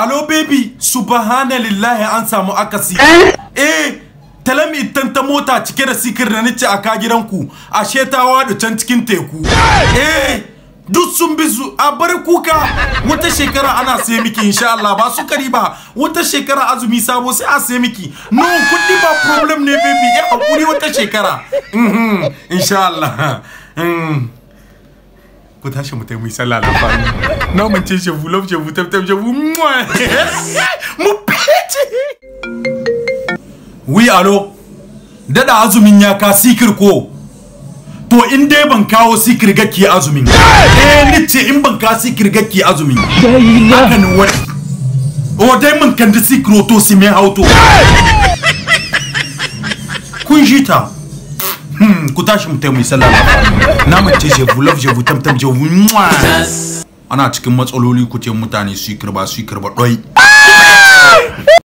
alo baby subhanallah an samu akasi eh, eh talami tanta mota cike da sikir da nace a ka gidanku a ta da can cikin teku eh! eh duk sun bi su a bar kuka wata shekara ana sai miki insha Allah ba su kari ba wata shekara azumi sabo sai a sai miki no kudi ba problem ne baby ya eh, hakuri wata shekara mhm, insha Allah mhm. ku tashi mu taimai sallah na fani na mace shabu lof shabu tab tab shabu mu fice wi alo dada azumin ya ka sikir ko to in dai ban kawo sikir gaki azumin eh ni ce in ban ka sikir gaki azumin hakan wani o dai man kan da sikiro to si mai hauto kun jita ku tashi mu taimai sallah na mace je vous love je vous tamtam je vous ana cikin matsaloli kuce mutane su yi kirba su yi kirba ɗoi